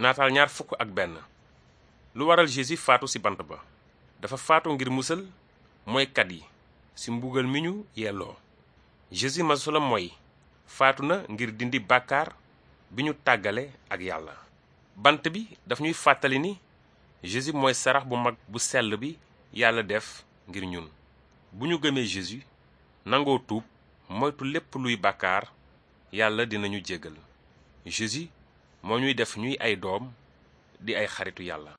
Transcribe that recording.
naataal ñaar fukk ak benn lu waral Jésus faatu ci bant ba dafa faatu ngir musal mooykat yi ci mbugal mi ñu yelloo Jésus masula mooy faatu na ngir dindi bàkkaar bi ñu tàggale ak yàlla bant bi daf ñuy fàttali ni Jésus mooy sarax bu mag bu sell bi yàlla def ngir ñun bu ñu gëmee Jésus nangoo tuub moytu lépp luy bàkkaar yàlla dinañu jéggal Jésus moo ñuy def ñuy ay doom di ay xaritu yàlla